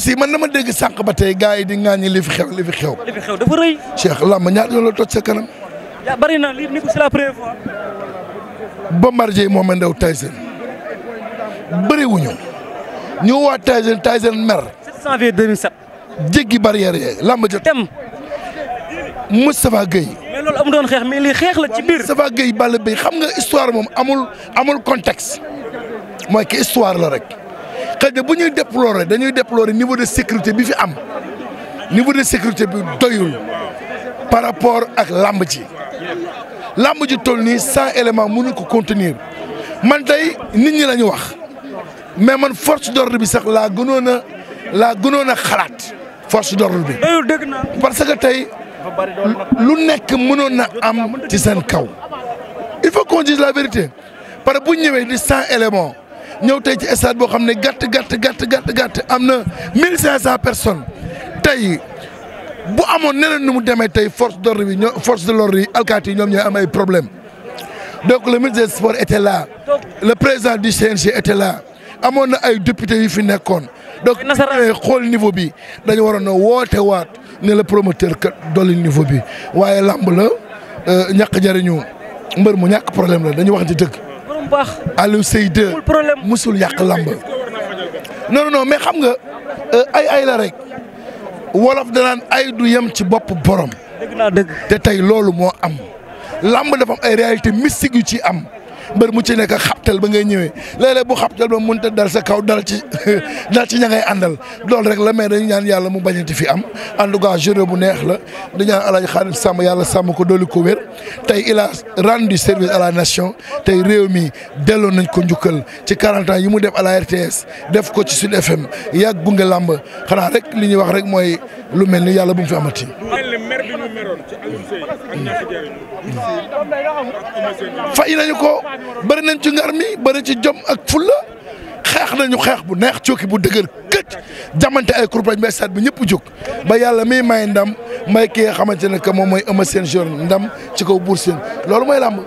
aussi man dama dégg sànq ba tey gars yi di ŋaañi li fi xew li fi xew. li fi dafa rëy. Cheikh làmb ñaar yoon la toj sa kanam. bari na lii ni ko c'est la première fois. Bombardier Mohamed Ndao Tyson bëri wuñu ñu waa Tyson Tyson mer. 7 janvier 2007. jéggi barrière yee làmb jot. dem Moustapha Gueye. mais loolu am doon xeex mais lii xeex la ci biir. Moustapha Gueye Balla Beye xam nga histoire moom amul amul contexte mooy que histoire la rek. xëy na bu ñuy déplorer dañuy déplorer niveau de sécurité bi fi am niveau de sécurité bi doyul par rapport ak làmb ci làmb ji toll nii cent éléments nu ko contenir man tey nit ñi la ñu wax mais man force d'ordre bi sax laa gënoon a laa gënoon a xalaat force d'ordre bi. parce que tey lu nekk mënoon na am ci seen kaw il faut qu'on dise la vérité parce que bu ñëwee di cent éléments. ñëw tey ci stade boo xam ne gàtt gàtt gàtt gàtt gàtt am na 1500 personnes tey bu amoon neneen nu mu demee tey force d' bi ñoo force de l' yi alkaati yi ñoom ñooy am ay problème donc le ministre des sports était là le président du CNG était là amoon na ay député yu fi nekkoon. donc xool niveau bi dañu waroon a woote waat ne la promoteur kat dolli niveau bi waaye lamb la euh, ñàkk jariñu mbër mu ñàkk problème la dañu wax ci bu baax Aliou Seye yàq lamb non non mais xam nga euh, ay ay rek wolof danaan ay du yem ci bopp borom. dëgg naa te tey loolu moo am làmb dafa am ay réalité mystique yu ci am. mbër mu ci nekk xaptel ba ngay ñëwee léeg-léeg bu xabtal ba mënut a dal sa kaw dal ci dal ci ña ngay àndal loolu rek la mais dañu ñaan yàlla mu bañati fi am en tout cas bu neex la di ñaan El sàmm yàlla sàmm ko dolli ko wér tey il a rendu service à la nation tey réew mi delloo nañ ko njukkal ci 40 yi mu def à la RTS def ko ci Sud FM yàgg gunge làmb xanaa rek li ñuy wax rek mooy lu mel ni yàlla bu mu fi amati. fay nañu ko. bëri nañ ci ngar mi bëri ci jom ak fulla xeex ñu xeex bu neex cooki bu dëgër këcc jamante ay kurpañ ba stade bi ñëpp jóg ba yàlla miy may ndam may ki nga xamante ne que moom mooy Eumeu Sène Junior ndam ci kaw Bour Sine loolu mooy làmb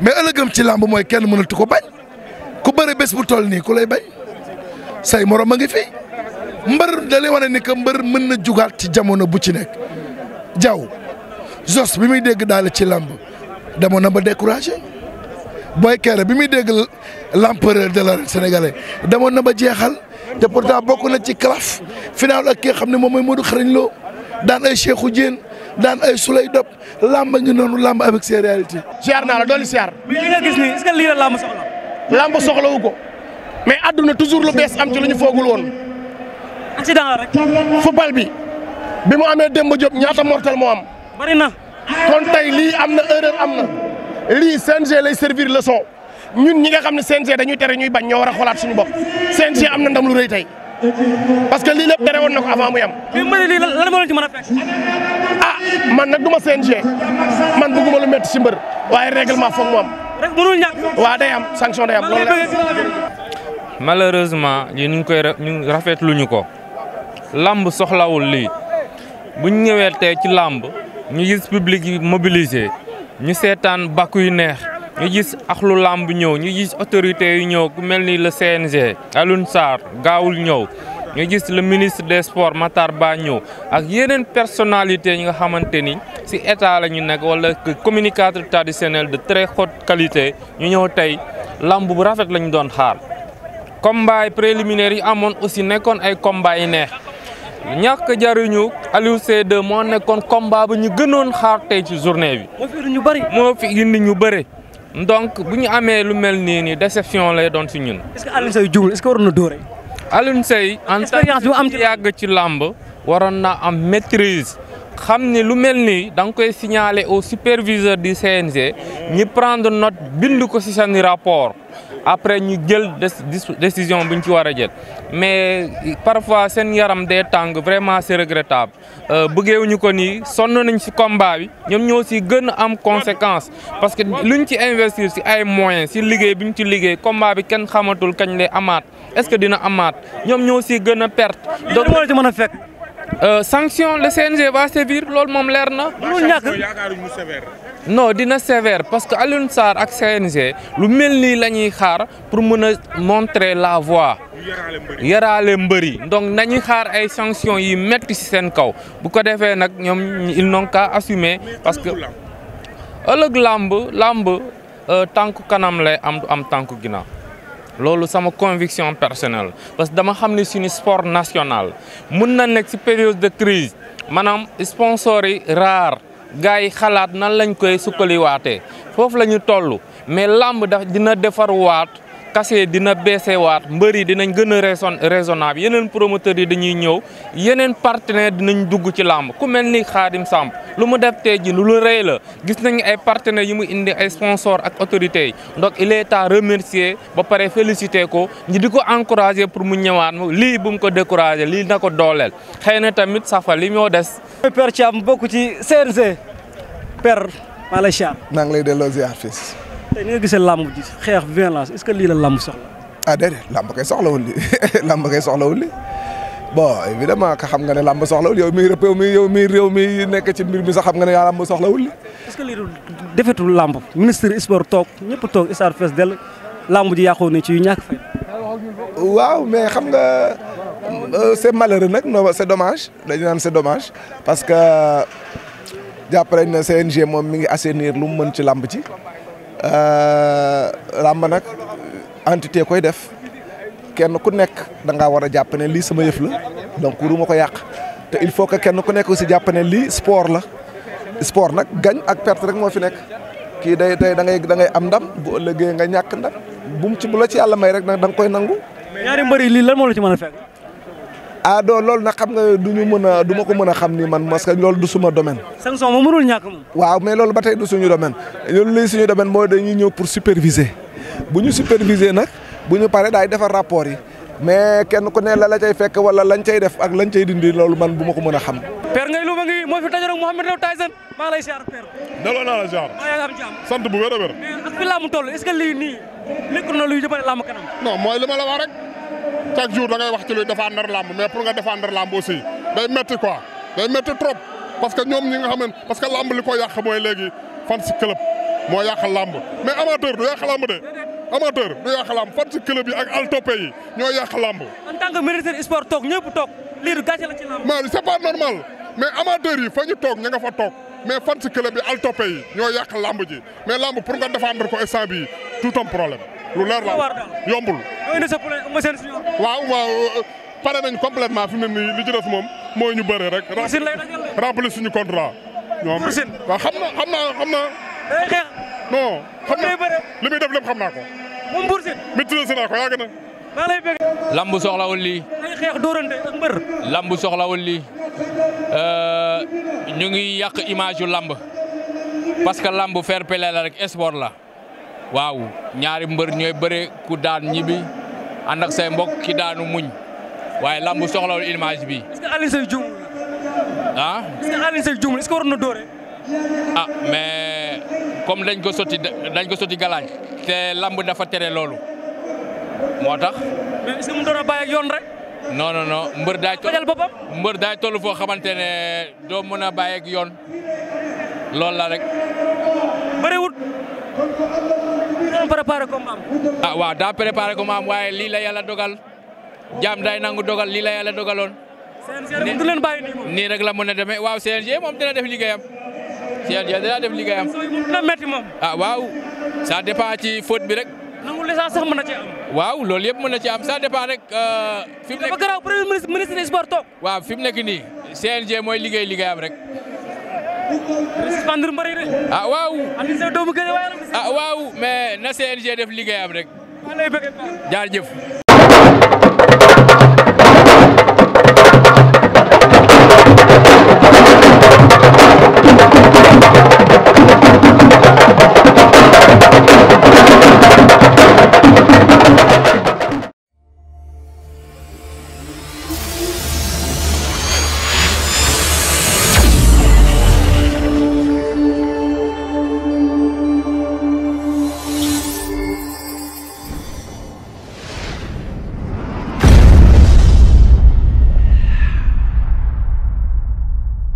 mais ëllëgëm ci làmb mooy kenn mënatu ko bañ ku bëri bés bu toll nii ku lay bañ say moroom a ngi fi mbër da lay ni que mbër mën na jugaat ci jamono bu ci nekk jaw jos bi muy dégg daal ci làmb demoon na ba découragé Boy kere bi muy dégg l'empereur de l'arène sénégalais demoon na ba jeexal te pourtant bokk na ci calaf final ak ki nga xam ne moom mooy moo Xarañ Lo daan ay Cheikhou Diène daan ay Souley Dop làmb ñu noonu làmb avec ses siyaar naa la doon siyaar. mais li gis nii est-ce que lii la làmb soxla. làmb ko mais àdduna toujours lu bees am ci lu ñu foogul woon. accident la bi bi mu amee Demba Diop ñaata mortal moo am. bari na. kon tey lii am na erreur am na lii CNG lay servir leçon ñun ñi nga xam ne CNG dañuy tere ñuy bañ ñoo war a xoolaat suñu bopp CNG am na ndam lu rëy tey parce que lii lépp tere woon na ko avant muy am. mais man lii lan moo leen ci a fekk ah man na du ma CNG man bëgguma lu si mbër waaye règlement foog mu am. rek mënul ñàkk. day am sanction day am loolu malheureusement yi ñu ngi koy ñu rafetluñu ko. làmb soxlawul lii buñ ñëwee tey ci làmb ñu gis public yi mobilisé ñu seetaan bakku yu neex ñu gis axlu làmb ñëw ñu gis autorités yu ñëw ku mel ni le CNG Alioune Sarr gaawul ñëw ñu gis le ministre des sport Matar baa ñëw ak yeneen personnalité yi nga xamante ni ci état la ñu nekk wala communicateur traditionnel de très haute qualité ñu ñëw tey làmb bu rafet la doon xaar combat préliminaire yi amoon aussi nekkoon ay combat yi neex ñàkk jaruñu Aliou Seye 2 moo nekkoon combat ba ñu gënoon xaar tey ci journée bi. moo fi indi ñu bëri. moo ñu bëri donc bu ñu amee lu mel nii nii déception lay doon si ñun. est-ce que Aliou Seye jugul est-ce que waroon na dóore. Aliou Seye yàgg ci làmb waroon na am maîtrise. xam ni lu mel nii da nga koy signaler au superviseur di CNG ñi prendre not bind ko si seen rapport après ñu jël décision bu ñu ci war a jël mais parfois seen yaram day tàng vraiment c'est regrettable euh, bëggeewuñu ko nii sonn nañ si combat bi ñoom ñoo si gën a am conséquence parce que lu luñ ci investir si ay moyens si liggéey bi ñu ci liggéey combat bi kenn xamatul kañ lay amaat est-ce que dina amaat ñoom ñoo ci gën a perte. donc Euh, sanction la CNG va sévir loolu moom leer na. no dina sévère parce que Alioune Sarr ak CNG lu mel nii la ñuy xaar pour mën a montrer la voie. yaraale mbëri donc nañuy xaar ay sanctions yi métti ci seen kaw bu ko defee nag ñoom ils n'ont qu'à assumer parce que ëllëg làmb làmb euh, tànku kanam lay am am tànku ginnaaw. loolu sama conviction personnel parce que dama xam ne suñu sport national mun na nekk ci période de crise maanaam sponsors yi raar gars yi xalaat nan lañ koy sukkaliwaatee foofu la ñu toll mais làmb daf dina defar waat kase dina baissé waat mbër yi dinañ gën a raison raisonnable yeneen promoteurs yi dañuy ñëw yeneen partenaire dinañ dugg ci làmb ku mel ni Xaadim Samb lu mu def tey ji lu rëy la gis nañu ay partenaires yi mu indi ay sponsors ak autorité yi donc il est à remercier ba pare féliciter ko ñi di ko encourager pour mu ñëwaat lii bu mu ko décourager lii na ko dooleel xëy na tamit safa li ñoo des. Père Thiam bokk ci CNG Père Malaye Thiam. maa ngi lay delloo ziar fii. tey ni nga gisee làmb ji xeex violence est-ce que lii la làmb soxla. ah déedéet làmb kay soxla lii làmb kay soxlawul lii. bon évidemment ka xam nga ne lamb soxla yow mi rëpp mi yow mi réew mi nekk ci mbir mi sa xam nga ne yaa làmb soxlawul. est-ce que lii defetul làmb ministre sport toog ñëpp toog stade fees dell làmb ji yàqoo na ci yu ñàkk fay. waaw mais xam nga euh, c'est malheureux nag non c'est dommage dañu naan c'est dommage parce que jàpp nañ ne CNG moom mi ngi assainir lu mu mën ci làmb ci euh, làmb nag entité koy def. kenn ku nekk da ngaa war a jàpp ne lii sama yëf la donc du ma ko yàq te il faut que kenn ku nekk aussi jàpp lii sport la sport nag gañ ak pert rek moo fi nekk kii day day da ngay da ngay am ndam bu ëllëgee nga ñàkk ndam bu mu ci bu la ci yàlla may rek da nga koy nangu. ñaari mbër lii lan moo la ci mën a ah doo loolu na xam nga du ñu mën du ma ko mën a xam ni man parce que loolu du suma domaine. sanction moom mënul ñàkk moom. waaw mais loolu ba tey du suñu domaine loolu lii suñu domaine mooy dañuy ñëw pour superviser bu ñu superviser nag bu ñu paree daay defar rapport yi mais kenn ku ne la la cay fekk wala lañ cay def ak lañ cay dindi loolu man bu ma ko mën a xam. Père Ngaye Loum a ngi moo fi dajaroog Mouhamed Ndao lii nii nekkul na mooy li la wax rek chaque jour da ngay wax ci luy défendre làmb mais pour nga défendre làmb aussi day métti quoi day métti trop parce que ñoom ñi nga xam ne parce que làmb li ko yàq mooy léegi fan si club moo yàq lamb mais amateur du yàq làmb de. amateur du yàq lamb fan si club yi ak al toppe yi ñoo yàq lamb. en tant que ministre sport toog ñëpp toog lii du gàcce la ci lamb. mais c'est pas normal mais amateur yi fa ñu toog ña nga fa toog yi al yi ñoo yàq lamb ji mais lamb pour nga défendre ko instant bii tout un problème. lu leer la yombul. waaw waaw pare nañ complètement fi mu ne nii li mooy ñu bëre rek. remplir suñu contrat. ñoom waaw xam na xam naa xam na non xam na li muy def xam naa ko. moom Bour Sine. lamb soxlawul lii. Euh, ñu ngi yàq image lamb parce que lamb fair play la rek sport la waaw ñaari mbër ñooy bëre ku daan ñibbi ànd say mbokk ki daanu muñ waaye lamb soxlawul image bi. est-ce comme dañ ko sotti dañ ko sotti galaaj te lamb dafa tere loolu moo tax. mais est-ce que mu doon mbër daay. tol boppam mbër xamante ne doo mën a bàyyi yoon loolu la rek. bëriwut. daa préparé combat ah waaw daa préparé combat waaye lii la yàlla dogal jaam day nangu dogal lii la yàlla dogaloon. nii rek la mën a demee waaw CNG moom dina def liggéeyam. Cheikh Ndiaye danaa def liggéeyam. na métti moom. ah waaw ça dépend ci faute bi rek. nangu licence sax mën na ci am. waaw loolu yëpp mën na ci am ça dépend rek. Euh, fi mu nekk dafa garaaw nii mooy liggéey liggéeyam rek. suspendre mbër yi de. ah waaw. doomu gën waaye ah waaw mais na CNG rek.